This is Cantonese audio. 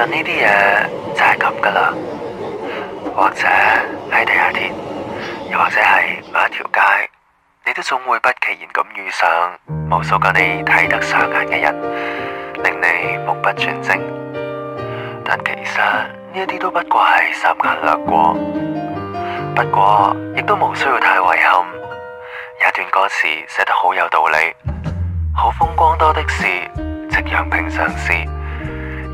但呢啲嘢就係咁噶啦，或者喺地下鐵，又或者係某一條街，你都總會不其然咁遇上無數個你睇得上眼嘅人，令你目不轉睛。但其實呢一啲都不過係三眼掠過，不過亦都無需要太遺憾。有一段歌詞寫得好有道理：好風光多的是，夕陽平常事。